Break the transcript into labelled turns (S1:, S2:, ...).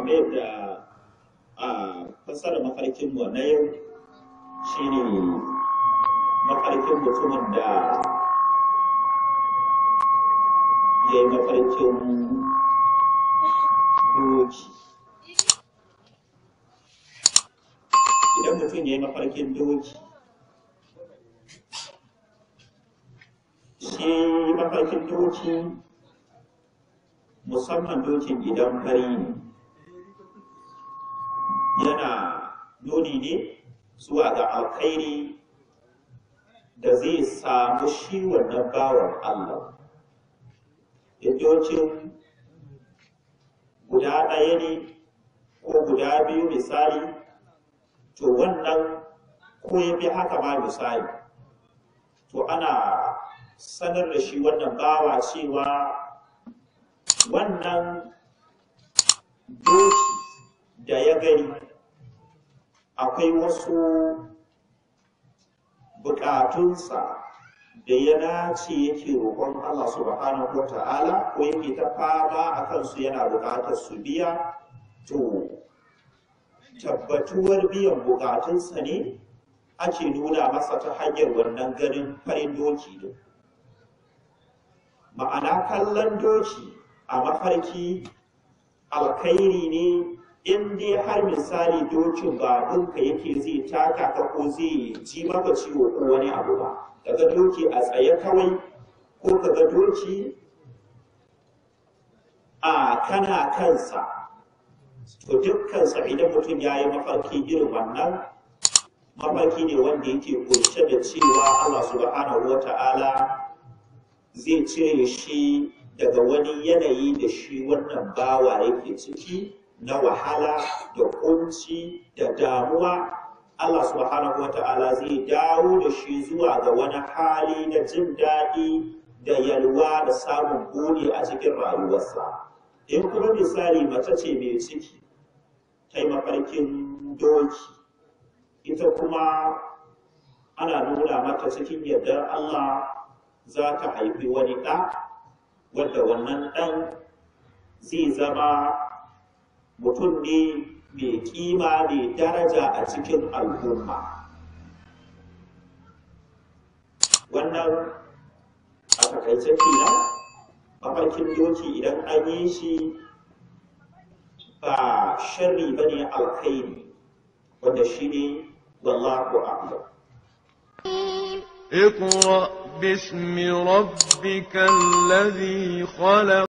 S1: kamar yadda a fassara mu na yau shine mafarkin mutumin da ya yi mafarkin doki idan mutum ya yi mafarkin doki shi mafarkin doki musamman dokin gidan fari ne nuni ne zuwa ga alkhairi da zai samu shi wannan bawan Allah Idocin guda ɗaya ne ko guda biyu misali to wannan ko ya fi haka ma misali to ana sanar da shi wannan bawa cewa wannan doki da ya gani akwai wasu bukatunsa da ya dace yake roƙon Allah subhanahu wa ta'ala ko yake ta fama a kansu yana bukatar su biya to tabbatuwar biyan buƙatunsa ne ake nuna masa ta hanyar wannan ganin farin doki ne ma'ana kallon doki a mafarki alkhairi ne in dai har misali dokin ba ɗinka yake zai taka ka ko zai ji maka ciwo ko wani abu ba kaga doki a tsaye kawai ko kaga doki a kana kansa to sa idan mutum ya yi mafarki irin wannan mafarki ne wanda yake kunshe da cewa Allah subhanahu wa ta'ala zai cire shi daga wani yanayi da shi wannan bawa yake ciki na wahala da kunci da damuwa Allah subhanahu wata'ala zai dawo da shi zuwa ga wani hali na jin daɗi da yalwa da samun gode a cikin rayuwarsa in kuma misali mace ce mai ciki ta mafarkin doki ita kuma ana nuna mata cikin yadda Allah za ta haifi wani ɗa wadda wannan ɗan zai zama mutum ne mai kima mai daraja a cikin al'umma wannan a takaice kenan mafarkin doki idan an yi shi ba sharri ba ne alkhairi wanda shi ne wallahu a'lam باسم ربك الذي خلق